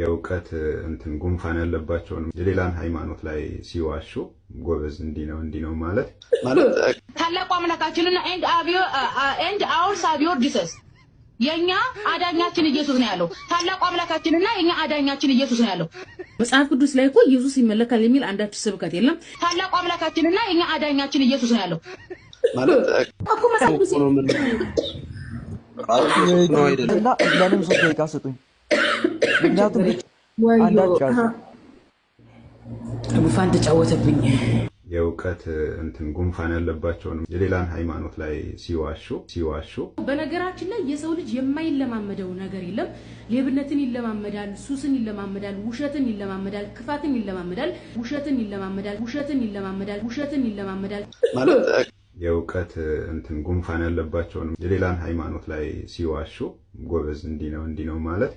የእውቀት እንትን ጉንፋን ያለባቸውን የሌላን ሃይማኖት ላይ ሲዋሹ ጎበዝ እንዲ ነው እንዲ ነው ማለት ማለት ታላቁ አምላካችንና ኤንድ አውር ሳቢዮር ጂሰስ የእኛ አዳኛችን ኢየሱስ ነው ያለው። ታላቁ አምላካችንና የእኛ አዳኛችን ኢየሱስ ነው ያለው። መጽሐፍ ቅዱስ ላይ እኮ ኢየሱስ ይመለካል የሚል አንዳች ስብከት የለም። ታላቁ አምላካችንና የእኛ አዳኛችን ኢየሱስ ነው ያለው ማለት እኮ መጽሐፍ ቅዱስ ነው። ለምን ሶስት ደቂቃ ስጡኝ። ጉንፋን ተጫወተብኝ። የእውቀት እንትን ጉንፋን ያለባቸውን የሌላን ሃይማኖት ላይ ሲዋሹ ሲዋሹ በነገራችን ላይ የሰው ልጅ የማይለማመደው ነገር የለም። ሌብነትን ይለማመዳል፣ ሱስን ይለማመዳል፣ ውሸትን ይለማመዳል፣ ክፋትን ይለማመዳል፣ ውሸትን ይለማመዳል፣ ውሸትን ይለማመዳል፣ ውሸትን ይለማመዳል። የእውቀት እንትን ጉንፋን ያለባቸውን የሌላን ሃይማኖት ላይ ሲዋሹ ጎበዝ እንዲህ ነው እንዲህ ነው ማለት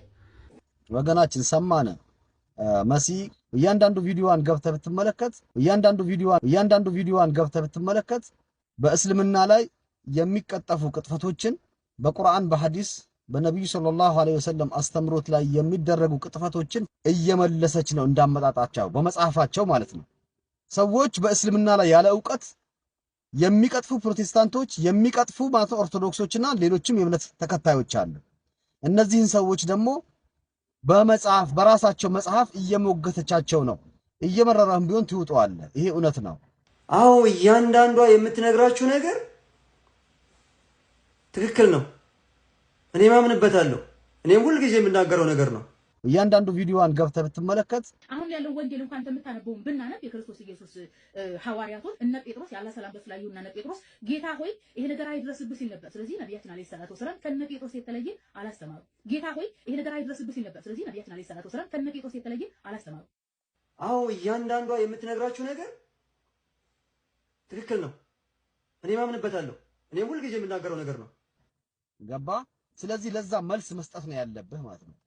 ወገናችን ሰማነ መሲ እያንዳንዱ ቪዲዮዋን ገብተ ብትመለከት እያንዳንዱ ቪዲዮዋን እያንዳንዱ ቪዲዮዋን ገብተ ብትመለከት በእስልምና ላይ የሚቀጠፉ ቅጥፈቶችን በቁርአን በሐዲስ በነቢዩ ሰለላሁ ዐለይሂ ወሰለም አስተምሮት ላይ የሚደረጉ ቅጥፈቶችን እየመለሰች ነው እንዳመጣጣቸው በመጽሐፋቸው ማለት ነው። ሰዎች በእስልምና ላይ ያለ እውቀት የሚቀጥፉ ፕሮቴስታንቶች የሚቀጥፉ ማለት ኦርቶዶክሶችና ሌሎችም የእምነት ተከታዮች አሉ። እነዚህን ሰዎች ደግሞ በመጽሐፍ በራሳቸው መጽሐፍ እየሞገተቻቸው ነው። እየመረራም ቢሆን ትውጠዋለ። ይሄ እውነት ነው። አዎ እያንዳንዷ የምትነግራችሁ ነገር ትክክል ነው። እኔ ማምንበታለሁ። እኔም ሁልጊዜ የምናገረው ነገር ነው። እያንዳንዱ ቪዲዮዋን ገብተህ ብትመለከት አሁን ያለው ወንጌል እንኳን የምታነበውን ብናነብ የክርስቶስ ኢየሱስ ሐዋርያቶች እነ ጴጥሮስ ያለ ሰላም ስላዩ እና እነ ጴጥሮስ ጌታ ሆይ ይሄ ነገር አይድረስብህ ሲል ነበር። ስለዚህ ነቢያችን አለይሂ ሰላቱ ወሰለም ከነ ጴጥሮስ የተለየ አላስተማሩ። ጌታ ሆይ ይሄ ነገር አይድረስብህ ሲል ነበር። ስለዚህ ነቢያችን አለይሂ ሰላቱ ወሰለም ከነ ጴጥሮስ የተለየ አላስተማሩ። አዎ እያንዳንዷ የምትነግራችሁ ነገር ትክክል ነው። እኔ ማምንበታለሁ። እኔም ሁልጊዜ የምናገረው ነገር ነው። ገባ። ስለዚህ ለዛ መልስ መስጠት ነው ያለብህ ማለት ነው።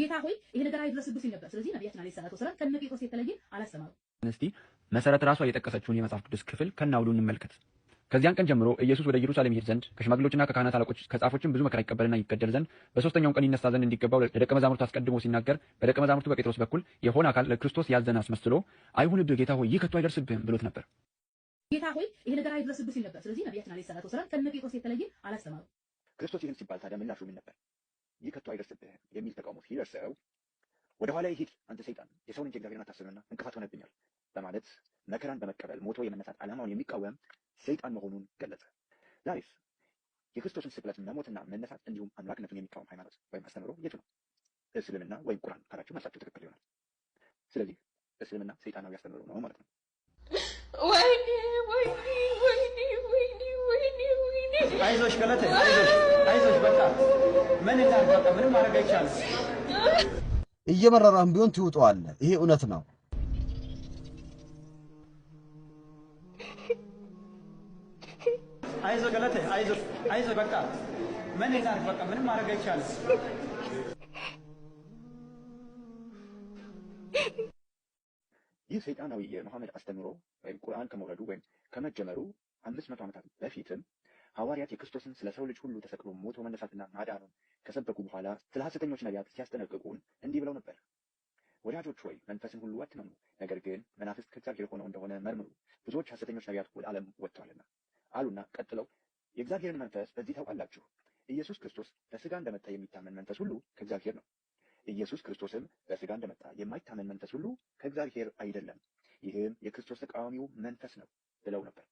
ጌታ ሆይ ይሄ ነገር አይድረስብኝ ነበር። ስለዚህ ነቢያችን አለይሂ ሰላቱ ወሰለም ከነ ጴጥሮስ የተለየ አላስተማሩ። እስቲ መሰረት ራሷ የጠቀሰችውን የመጽሐፍ ቅዱስ ክፍል ከናውሉ እንመልከት። ከዚያን ቀን ጀምሮ ኢየሱስ ወደ ኢየሩሳሌም ይሄድ ዘንድ ከሽማግሌዎችና ከካህናት አለቆች ከጻፎችም ብዙ መከራ ይቀበልና ይገደል ዘንድ በሶስተኛው ቀን ይነሳ ዘንድ እንዲገባው ለደቀ መዛሙርቱ አስቀድሞ ሲናገር በደቀ መዛሙርቱ በጴጥሮስ በኩል የሆነ አካል ለክርስቶስ ያዘን አስመስሎ አይሁንብህ ጌታ ሆይ ይህ ከቶ አይደርስብህም ብሎት ነበር። ጌታ ሆይ ይሄ ነገር አይድረስብህ ሲል ነበር። ስለዚህ ነቢያችን አለይሂ ሰላቱ ወሰለም ከነ ጴጥሮስ የተለየ አላስተማሩ። ክርስቶስ ይህን ሲባል ታዲያ ምላሹ ምን ነበር? ይህ ከቶ አይደርስብህ የሚል ተቃውሞ ሲደርሰው ወደኋላ ሂድ አንተ ሰይጣን፣ የሰውን እንጂ እግዚአብሔርን አታስብምና እንቅፋት ሆነብኛል በማለት መከራን በመቀበል ሞቶ የመነሳት ዓላማውን የሚቃወም ሰይጣን መሆኑን ገለጸ። ዛሬስ የክርስቶስን ስቅለት መሞትና መነሳት እንዲሁም አምላክነቱን የሚቃወም ሃይማኖት ወይም አስተምሮ የቱ ነው? እስልምና ወይም ቁርአን ካላችሁ መልሳችሁ ትክክል ይሆናል። ስለዚህ እስልምና ሰይጣናዊ አስተምሮ ነው ማለት ነው። ወይኔ ወይኔ ወይኔ ወይኔ ወይኔ ወይኔ አይዞሽ ገለቴ አይዞሽ በቃ ቢሆን ትውጠዋለህ። ይሄ እውነት ነው። አይዞ ገለቴ፣ አይዞ አይዞ። በቃ ምን እንዳል በቃ ምንም ማድረግ አይቻልም። ይህ ሰይጣናዊ የመሐመድ አስተምሮ ወይም ቁርአን ከመውረዱ ወይም ከመጀመሩ አምስት መቶ ዓመታት በፊትም ሐዋርያት የክርስቶስን ስለ ሰው ልጅ ሁሉ ተሰቅሎ ሞቶ መነሳትና ማዳኑን ከሰበኩ በኋላ ስለ ሐሰተኞች ነቢያት ሲያስጠነቅቁን እንዲህ ብለው ነበር። ወዳጆች ሆይ መንፈስን ሁሉ አትመኑ፣ ነገር ግን መናፍስት ከእግዚአብሔር ሆነው እንደሆነ መርምሩ፣ ብዙዎች ሐሰተኞች ነቢያት ወደ ዓለም ወጥተዋልና አሉና ቀጥለው የእግዚአብሔርን መንፈስ በዚህ ታውቃላችሁ፣ ኢየሱስ ክርስቶስ በሥጋ እንደመጣ የሚታመን መንፈስ ሁሉ ከእግዚአብሔር ነው። ኢየሱስ ክርስቶስም በሥጋ እንደመጣ የማይታመን መንፈስ ሁሉ ከእግዚአብሔር አይደለም። ይህም የክርስቶስ ተቃዋሚው መንፈስ ነው ብለው ነበር።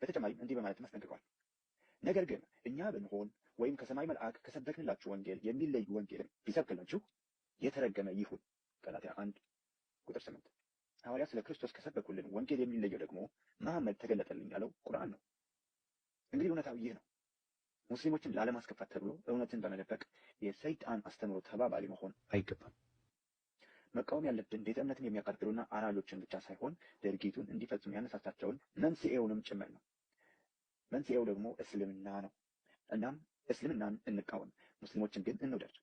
በተጨማሪም እንዲህ በማለት አስጠንቅቀዋል። ነገር ግን እኛ ብንሆን ወይም ከሰማይ መልአክ ከሰበክንላችሁ ወንጌል የሚለዩ ወንጌልን ቢሰብክላችሁ የተረገመ ይሁን። ገላትያ 1 ቁጥር 8 ሐዋርያ ስለ ክርስቶስ ከሰበኩልን ወንጌል የሚለየው ደግሞ መሐመድ ተገለጠልኝ ያለው ቁርአን ነው። እንግዲህ እውነታው ይህ ነው። ሙስሊሞችን ላለማስከፋት ተብሎ እውነትን በመደበቅ የሰይጣን አስተምሮ ተባባሪ መሆን አይገባም። መቃወም ያለብን ቤተ እምነትን የሚያቃጥሉና አራጆችን ብቻ ሳይሆን ድርጊቱን እንዲፈጽሙ ያነሳሳቸውን መንስኤውንም ጭምር ነው። መንስኤው ደግሞ እስልምና ነው። እናም እስልምናን እንቃወም፣ ሙስሊሞችን ግን እንውደድ።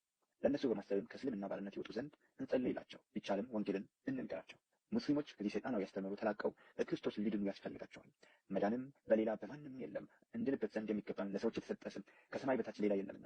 ለእነሱ በማሰብም ከእስልምና ባርነት ይወጡ ዘንድ እንጸልይላቸው፣ ቢቻልም ወንጌልን እንንገራቸው። ሙስሊሞች ከዚህ ሰይጣናዊ ያስተምሩ ተላቀው በክርስቶስ ሊድኑ ያስፈልጋቸዋል። መዳንም በሌላ በማንም የለም እንድንበት ዘንድ የሚገባን ለሰዎች የተሰጠ ስም ከሰማይ በታች ሌላ የለምና።